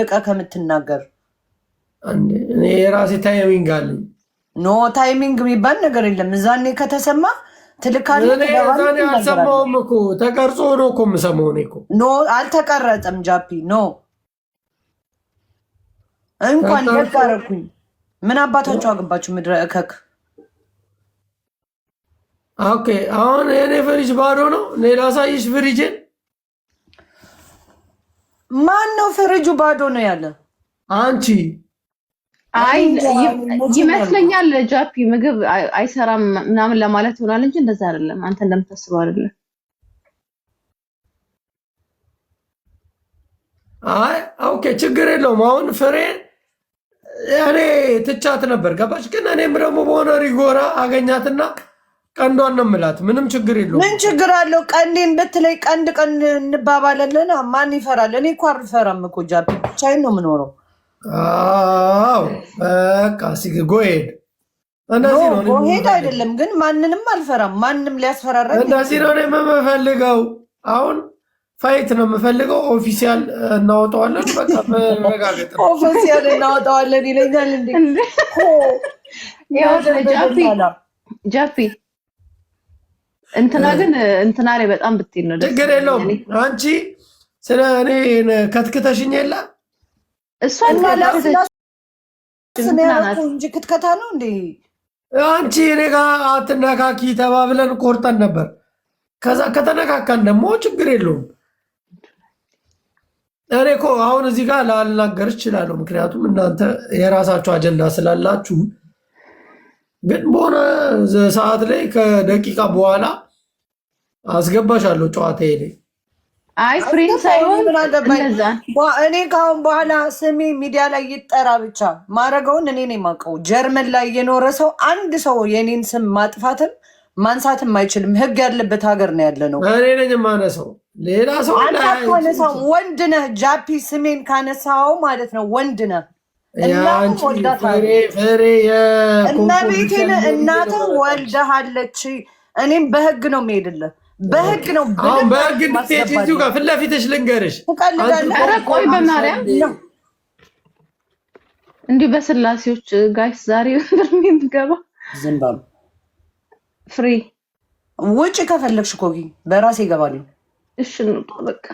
ደብቀ ከምትናገር እኔ የራሴ ታይሚንግ አለ። ኖ ታይሚንግ የሚባል ነገር የለም። እዛኔ ከተሰማ ትልካለህ። አልሰማሁም እኮ ተቀርጾ ነው እኮ የምሰማው እኔ እኮ። ኖ አልተቀረጠም። ጃፒ ኖ እንኳን ደግ ምን አባታቸው አገባችሁ? ምድረ እከክ። ኦኬ አሁን የኔ ፍሪጅ ባዶ ነው። እኔ ላሳይሽ ፍሪጅን ማን ነው ፍሪጁ ባዶ ነው ያለ? አንቺ አይ ይመስለኛል ጃፒ ምግብ አይሰራም ምናምን ለማለት ይሆናል እንጂ እንደዛ አይደለም። አንተ እንደምታስበው አይደለም። አይ ኦኬ፣ ችግር የለውም። አሁን ፍሬ እኔ ትቻት ነበር ገባች። ግን እኔም ደግሞ በሆነ ሪጎራ አገኛትና ቀንዷን ነው የምላት። ምንም ችግር የለውም። ምን ችግር አለው? ቀንዴን ብትለይ ቀንድ ቀን እንባባለለን። ማን ይፈራል? እኔ እኮ አልፈራም እኮ ጃ ብቻዬን ነው የምኖረው። አዎ በቃ ሲግ ጎሄድ ሄድ አይደለም ግን ማንንም አልፈራም። ማንም ሊያስፈራራ እንደዚህ ነው የምፈልገው። አሁን ፋይት ነው የምፈልገው። ኦፊሲያል እናወጣዋለን። በቃ መረጋገጥ ኦፊሲያል እናወጣዋለን ይለኛል እንዴ ጃፒ እንትና ግን እንትና ላይ በጣም ብትል ነው ችግር የለውም። አንቺ ስለ እኔ ከትክተሽኝ የለ እሷ ክትከታ ነው እንዴ? አንቺ እኔ ጋ አትነካኪ ተባብለን ቆርጠን ነበር። ከዛ ከተነካካን ደግሞ ችግር የለውም። እኔ እኮ አሁን እዚህ ጋር ላልናገር እችላለሁ፣ ምክንያቱም እናንተ የራሳችሁ አጀንዳ ስላላችሁ ግን በሆነ ሰዓት ላይ ከደቂቃ በኋላ አስገባሻለሁ ጨዋታ ላይ አይ እኔ ካሁን በኋላ ስሜ ሚዲያ ላይ ይጠራ ብቻ ማድረገውን እኔ ነው የማውቀው። ጀርመን ላይ የኖረ ሰው አንድ ሰው የኔን ስም ማጥፋትም ማንሳትም አይችልም። ህግ ያለበት ሀገር ነው ያለ ነው። እኔ ነኝ የማነሳው፣ ሌላ ሰው ወንድ ነህ ጃፒ፣ ስሜን ካነሳው ማለት ነው ወንድ ነህ እመቤቴን እናትህ ወልደሃለች። እኔም በህግ ነው የምሄድልህ በህግ ነው በህግ እንድትሄጂ እዚሁ ጋር ፊት ለፊትሽ ልንገርሽ። ኧረ ቆይ በማርያም እንዲሁ በስላሴዎች ጋሽ ዛሬ ውጭ ከፈለግሽ ኮጊ በራሴ ይገባል። እሺ እንውጣ በቃ።